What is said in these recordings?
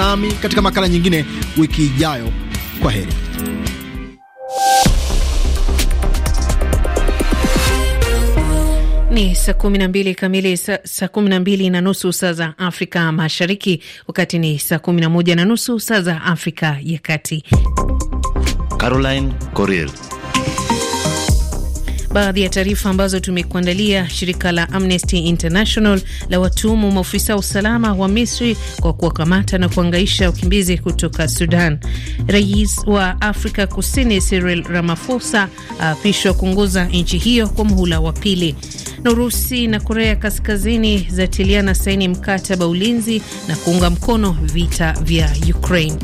nami katika makala nyingine wiki ijayo. Kwa heri. Ni saa kumi na mbili kamili, saa kumi na mbili na nusu saa za Afrika Mashariki, wakati ni saa kumi na moja na nusu saa za Afrika ya Kati. Caroline Coril baadhi ya taarifa ambazo tumekuandalia. Shirika la Amnesty International la watuhumu maofisa wa usalama wa Misri kwa kuwakamata na kuangaisha wakimbizi kutoka Sudan. Rais wa Afrika Kusini Cyril Ramaphosa aapishwa kuongoza nchi hiyo kwa muhula wa pili. Na Urusi na Korea Kaskazini zatiliana saini mkataba ulinzi na kuunga mkono vita vya Ukraine.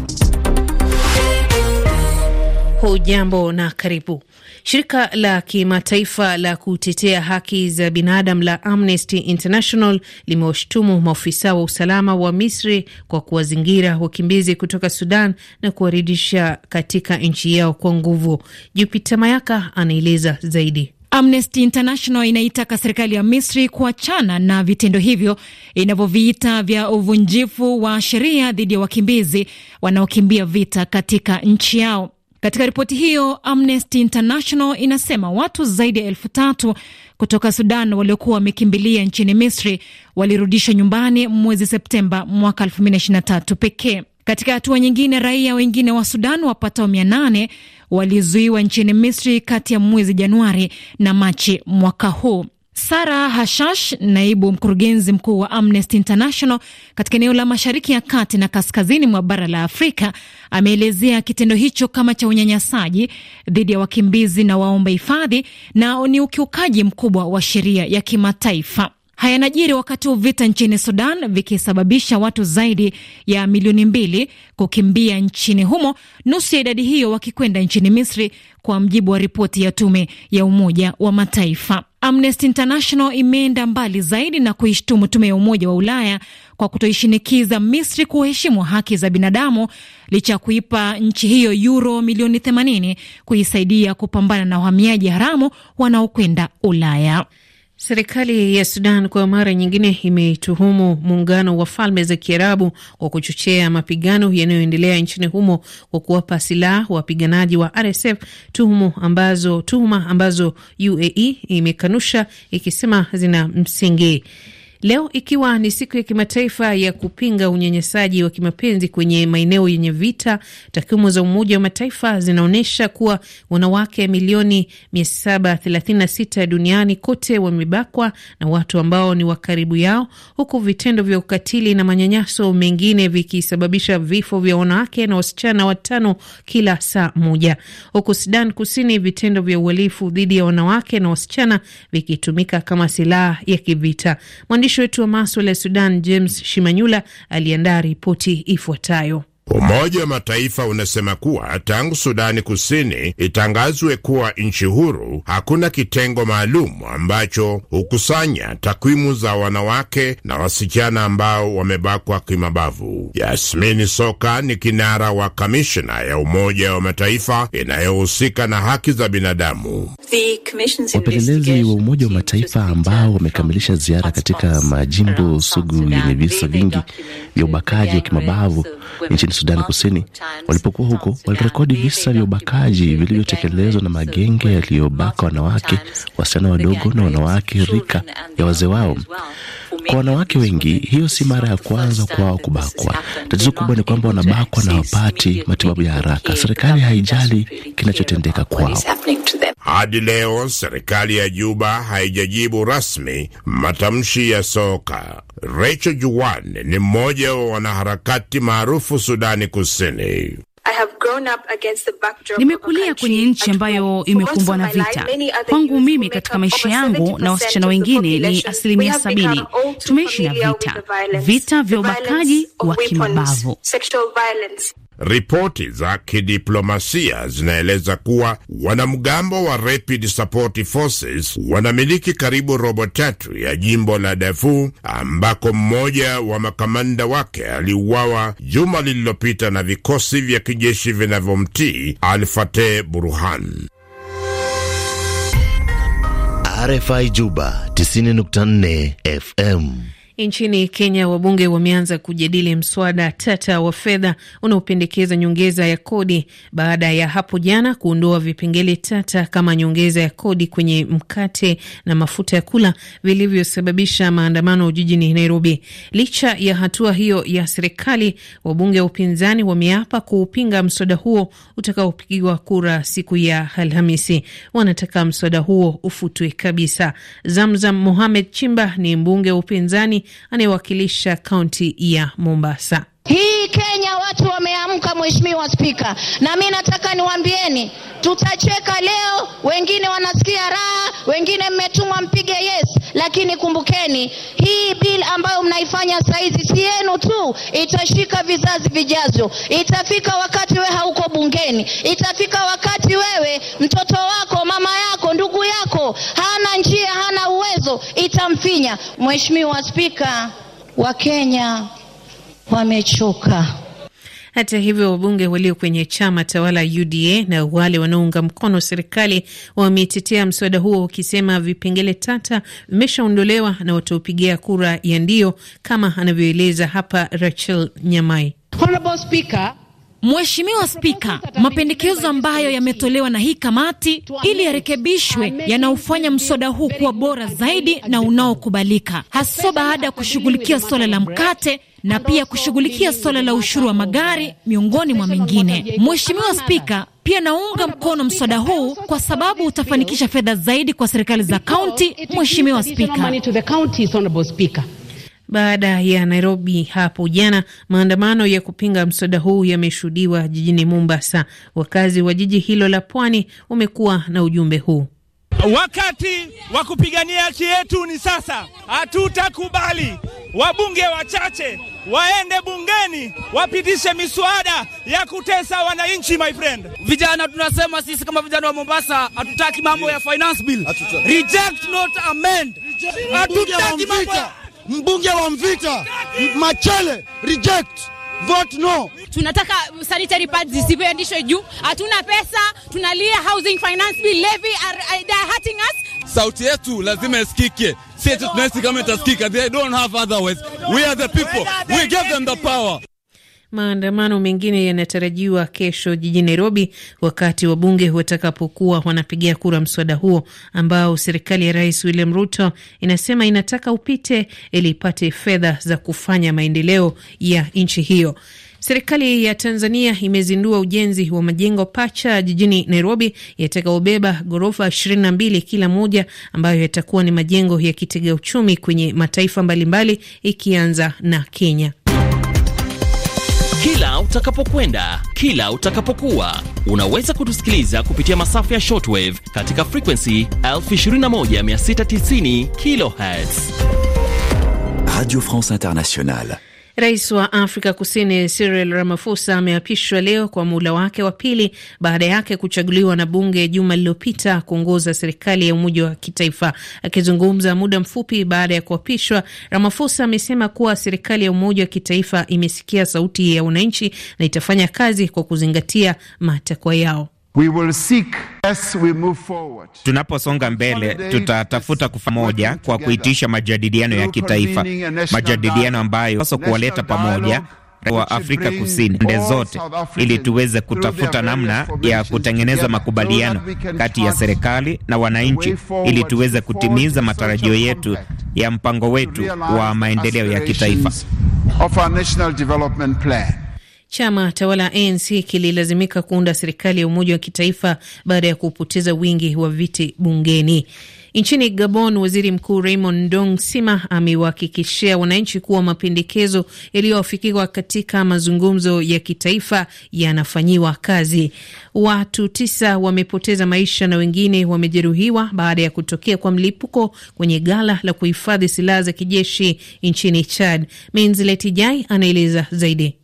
Hujambo na karibu. Shirika la kimataifa la kutetea haki za binadamu la Amnesty International limewashutumu maofisa wa usalama wa Misri kwa kuwazingira wakimbizi kutoka Sudan na kuwarudisha katika nchi yao kwa nguvu. Jupita Mayaka anaeleza zaidi. Amnesty International inaitaka serikali ya Misri kuachana na vitendo hivyo inavyoviita vya uvunjifu wa sheria dhidi ya wakimbizi wanaokimbia vita katika nchi yao. Katika ripoti hiyo, Amnesty International inasema watu zaidi ya elfu tatu kutoka Sudan waliokuwa wamekimbilia nchini Misri walirudishwa nyumbani mwezi Septemba mwaka 2023 pekee. Katika hatua nyingine, raia wengine wa Sudan wapatao mia nane walizuiwa nchini Misri kati ya mwezi Januari na Machi mwaka huu. Sara Hashash, naibu mkurugenzi mkuu wa Amnesty International katika eneo la mashariki ya kati na kaskazini mwa bara la Afrika, ameelezea kitendo hicho kama cha unyanyasaji dhidi ya wakimbizi na waomba hifadhi na ni ukiukaji mkubwa wa sheria ya kimataifa. Haya yanajiri wakati wa vita nchini Sudan vikisababisha watu zaidi ya milioni mbili kukimbia nchini humo, nusu ya idadi hiyo wakikwenda nchini Misri, kwa mjibu wa ripoti ya tume ya Umoja wa Mataifa. Amnesty International imeenda mbali zaidi na kuishtumu tume ya Umoja wa Ulaya kwa kutoishinikiza Misri kuheshimu haki za binadamu licha ya kuipa nchi hiyo yuro milioni 80 kuisaidia kupambana na wahamiaji haramu wanaokwenda Ulaya. Serikali ya Sudan kwa mara nyingine imetuhumu muungano wa falme za Kiarabu kwa kuchochea mapigano yanayoendelea nchini humo kwa kuwapa silaha wapiganaji wa RSF, tuhuma ambazo, tuhuma ambazo UAE imekanusha ikisema zina msingi. Leo ikiwa ni siku ya kimataifa ya kupinga unyanyasaji wa kimapenzi kwenye maeneo yenye vita, takwimu za Umoja wa Mataifa zinaonyesha kuwa wanawake milioni 736 duniani kote wamebakwa na watu ambao ni wa karibu yao, huku vitendo vya ukatili na manyanyaso mengine vikisababisha vifo vya wanawake na wasichana watano kila saa moja. Huku Sudan Kusini, vitendo vya uhalifu dhidi ya wanawake na wasichana vikitumika kama silaha ya kivita. Mwandishi Mwandishi wetu wa maswala ya Sudan James Shimanyula aliandaa ripoti ifuatayo. Umoja wa Mataifa unasema kuwa tangu Sudani Kusini itangazwe kuwa nchi huru, hakuna kitengo maalum ambacho hukusanya takwimu za wanawake na wasichana ambao wamebakwa kimabavu. Yasmini Soka ni kinara wa kamishna ya Umoja wa Mataifa inayohusika na haki za binadamu. Wapelelezi wa Umoja wa Mataifa ambao wamekamilisha ziara katika majimbo sugu yenye visa vingi vya ubakaji wa kimabavu nchini Sudani Kusini. Walipokuwa huko, walirekodi visa vya ubakaji vilivyotekelezwa na magenge yaliyobaka wanawake, wasichana wadogo na wanawake rika ya wazee wao. Kwa wanawake wengi, hiyo si mara ya kwanza kwao kubakwa. Tatizo kubwa ni kwamba wanabakwa na wapati matibabu ya haraka. Serikali haijali kinachotendeka kwao. Hadi leo serikali ya Juba haijajibu rasmi matamshi ya Soka. Rachel Juan ni mmoja wa wanaharakati maarufu Sudani Kusini. Nimekulia kwenye nchi ambayo imekumbwa na vita. Kwangu mimi, katika maisha yangu na wasichana wengine ni asilimia sabini tumeishi na vita, vita vya ubakaji wa kimabavu. Ripoti za kidiplomasia zinaeleza kuwa wanamgambo wa Rapid Support Forces wanamiliki karibu robo tatu ya jimbo la Darfur ambako mmoja wa makamanda wake aliuawa juma lililopita na vikosi vya kijeshi vinavyomtii alfate Burhan. RFI Juba 90.4 FM Nchini Kenya, wabunge wameanza kujadili mswada tata wa fedha unaopendekeza nyongeza ya kodi baada ya hapo jana kuondoa vipengele tata kama nyongeza ya kodi kwenye mkate na mafuta ya kula vilivyosababisha maandamano jijini Nairobi. Licha ya hatua hiyo ya serikali, wabunge wa upinzani wameapa kuupinga mswada huo utakaopigiwa kura siku ya Alhamisi. Wanataka mswada huo ufutwe kabisa. Zamzam Mohamed Chimba ni mbunge wa upinzani anayewakilisha kaunti ya Mombasa. Hii Kenya watu wameamka, Mheshimiwa Spika, na mi nataka niwaambieni, tutacheka leo, wengine wanasikia raha, wengine mmetumwa mpige yes, lakini kumbukeni hii bill ambayo mnaifanya saizi si yenu tu, itashika vizazi vijazo Itafika wakati wewe hauko bungeni, itafika wakati wewe, mtoto wako, mama yako, ndugu yako ha ambazo itamfinya. Mheshimiwa Spika, Wakenya wamechoka. Hata hivyo wabunge walio kwenye chama tawala UDA na wale wanaounga mkono serikali wametetea mswada huo, ukisema vipengele tata vimeshaondolewa na wataupigia kura ya ndio, kama anavyoeleza hapa Rachel Nyamai. Honorable Speaker Mheshimiwa Spika, mapendekezo ambayo yametolewa na hii kamati ili yarekebishwe yanaufanya mswada huu kuwa bora zaidi na unaokubalika, haswa baada ya kushughulikia suala la mkate na pia kushughulikia suala la ushuru wa magari miongoni mwa mengine. Mheshimiwa Spika, pia naunga mkono mswada huu kwa sababu utafanikisha fedha zaidi kwa serikali za kaunti. Mheshimiwa Spika baada ya Nairobi hapo jana. Maandamano ya kupinga mswada huu yameshuhudiwa jijini Mombasa. Wakazi wa jiji hilo la pwani wamekuwa na ujumbe huu. Wakati wa kupigania haki yetu ni sasa. Hatutakubali wabunge wachache waende bungeni wapitishe miswada ya kutesa wananchi. My friend, vijana tunasema sisi kama vijana wa Mombasa hatutaki mambo ya finance bill, reject not amend, hatutaki mambo mbunge wa Mvita Machele, reject vote no. Tunataka sanitary pads zisipandishwe juu, hatuna pesa, tunalia housing finance bill levy are, are, they are hurting us. Sauti yetu lazima isikike, sisi tunasikika kama itasikika. They don't have other ways, We are the people, we give them the power. Maandamano mengine yanatarajiwa kesho jijini Nairobi, wakati wabunge watakapokuwa wanapigia kura mswada huo ambao serikali ya Rais William Ruto inasema inataka upite ili ipate fedha za kufanya maendeleo ya nchi hiyo. Serikali ya Tanzania imezindua ujenzi wa majengo pacha jijini Nairobi yatakaobeba ghorofa 22 kila moja, ambayo yatakuwa ni majengo ya kitega uchumi kwenye mataifa mbalimbali, ikianza na Kenya. Kila utakapokwenda, kila utakapokuwa, unaweza kutusikiliza kupitia masafa ya shortwave katika frequency 21690 kHz. Radio France Internationale. Rais wa Afrika Kusini Cyril Ramaphosa ameapishwa leo kwa muhula wake wa pili baada yake kuchaguliwa na bunge juma lililopita kuongoza serikali ya umoja wa kitaifa. Akizungumza muda mfupi baada ya kuapishwa, Ramaphosa amesema kuwa serikali ya umoja wa kitaifa imesikia sauti ya wananchi na itafanya kazi kwa kuzingatia matakwa yao. We will seek as we move forward. Tunaposonga mbele tutatafuta kufa moja kwa kuitisha majadiliano ya kitaifa, majadiliano ambayo sasa kuwaleta pamoja wa Afrika Kusini pande zote ili tuweze kutafuta namna ya kutengeneza makubaliano kati ya serikali na wananchi ili tuweze kutimiza matarajio yetu ya mpango wetu wa maendeleo ya kitaifa. Chama tawala ANC kililazimika kuunda serikali ya umoja wa kitaifa baada ya kupoteza wingi wa viti bungeni. Nchini Gabon, waziri mkuu Raymond dong Sima amewahakikishia wananchi kuwa mapendekezo yaliyoafikiwa katika mazungumzo ya kitaifa yanafanyiwa kazi. Watu tisa wamepoteza maisha na wengine wamejeruhiwa baada ya kutokea kwa mlipuko kwenye ghala la kuhifadhi silaha za kijeshi nchini Chad. Minzileti Jai anaeleza zaidi.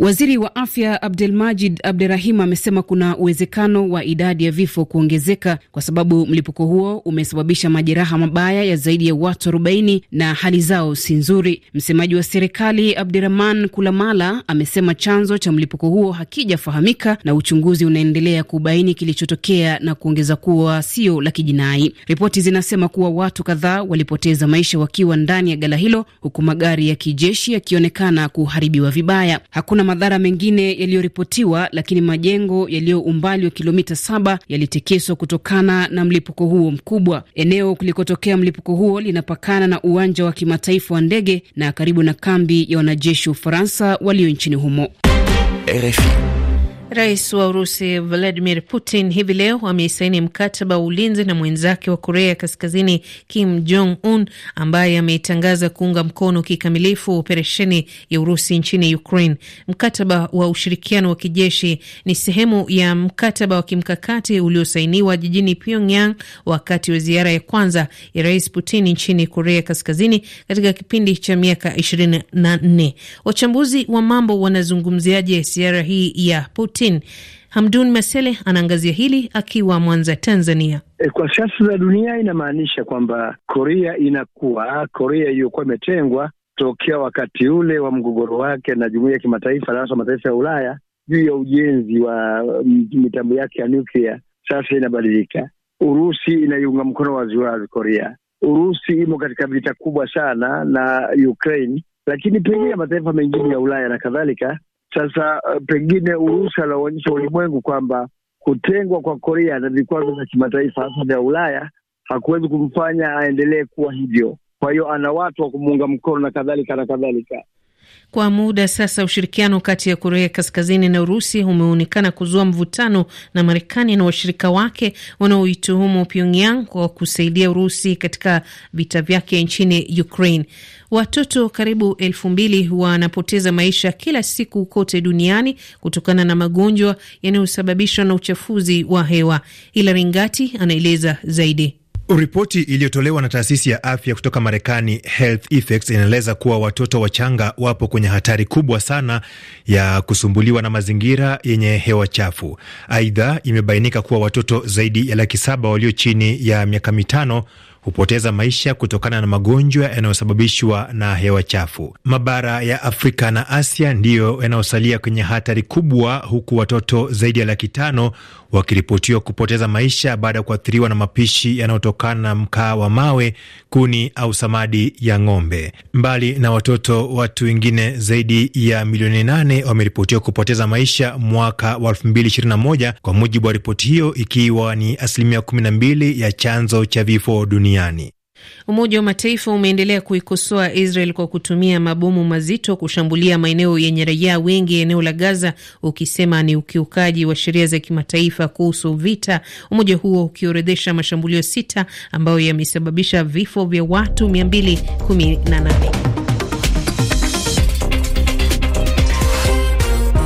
Waziri wa afya abdul majid abdurahim amesema kuna uwezekano wa idadi ya vifo kuongezeka kwa sababu mlipuko huo umesababisha majeraha mabaya ya zaidi ya watu 40 na hali zao si nzuri. Msemaji wa serikali Abdirahman Kulamala amesema chanzo cha mlipuko huo hakijafahamika na uchunguzi unaendelea kubaini kilichotokea na kuongeza kuwa sio la kijinai. Ripoti zinasema kuwa watu kadhaa walipoteza maisha wakiwa ndani ya gala hilo, huku magari ya kijeshi yakionekana kuharibiwa vibaya. Hakuna madhara mengine yaliyoripotiwa, lakini majengo yaliyo umbali wa kilomita saba yalitekeswa kutokana na mlipuko huo mkubwa. Eneo kulikotokea mlipuko huo linapakana na uwanja wa kimataifa wa ndege na karibu na kambi ya wanajeshi wa Ufaransa walio nchini humo. RFI. Rais wa Urusi Vladimir Putin hivi leo ameisaini mkataba wa ulinzi na mwenzake wa Korea Kaskazini Kim Jong Un ambaye ameitangaza kuunga mkono kikamilifu operesheni ya Urusi nchini Ukraine. Mkataba wa ushirikiano wa kijeshi ni sehemu ya mkataba wa kimkakati uliosainiwa jijini Pyongyang wakati wa ziara ya kwanza ya Rais Putin nchini Korea Kaskazini katika kipindi cha miaka 24. Wachambuzi wa mambo wanazungumziaje ziara hii ya Putin Hamdun Masele anaangazia hili akiwa Mwanza, Tanzania. E, kwa siasa za dunia inamaanisha kwamba Korea inakuwa Korea iliyokuwa imetengwa tokea wakati ule wa mgogoro wake na jumuiya ya kimataifa na hasa mataifa ya Ulaya juu ya ujenzi wa mm, mitambo yake ya nuklia, sasa inabadilika. Urusi inaiunga mkono waziwazi Korea. Urusi imo katika vita kubwa sana na Ukraine, lakini pengine mataifa mengine ya Ulaya na kadhalika sasa eh, pengine Urusi anaonyesha ulimwengu kwamba kutengwa kwa Korea na vikwazo vya kimataifa hasa vya Ulaya hakuwezi kumfanya aendelee kuwa hivyo. Kwa hiyo ana watu wa kumuunga mkono na kadhalika na kadhalika. Kwa muda sasa ushirikiano kati ya Korea Kaskazini na Urusi umeonekana kuzua mvutano na Marekani na washirika wake wanaoituhumu Pyongyang kwa kusaidia Urusi katika vita vyake nchini Ukraine. Watoto karibu elfu mbili wanapoteza maisha kila siku kote duniani kutokana na magonjwa yanayosababishwa na uchafuzi wa hewa. Hilari Ngati anaeleza zaidi. Ripoti iliyotolewa na taasisi ya afya kutoka Marekani, Health Effects, inaeleza kuwa watoto wachanga wapo kwenye hatari kubwa sana ya kusumbuliwa na mazingira yenye hewa chafu. Aidha, imebainika kuwa watoto zaidi ya laki saba walio chini ya miaka mitano hupoteza maisha kutokana na magonjwa yanayosababishwa na hewa chafu. Mabara ya Afrika na Asia ndiyo yanayosalia kwenye hatari kubwa, huku watoto zaidi ya laki tano wakiripotiwa kupoteza maisha baada ya kuathiriwa na mapishi yanayotokana na mkaa wa mawe, kuni au samadi ya ng'ombe. Mbali na watoto, watu wengine zaidi ya milioni nane wameripotiwa kupoteza maisha mwaka wa moja kwa mujibu wa ripoti hiyo, ikiwa ni asilimia mbili ya chanzo cha vifo duniani duniani. Umoja wa Mataifa umeendelea kuikosoa Israel kwa kutumia mabomu mazito kushambulia maeneo yenye raia wengi eneo la Gaza, ukisema ni ukiukaji wa sheria za kimataifa kuhusu vita, umoja huo ukiorodhesha mashambulio sita ambayo yamesababisha vifo vya watu 218.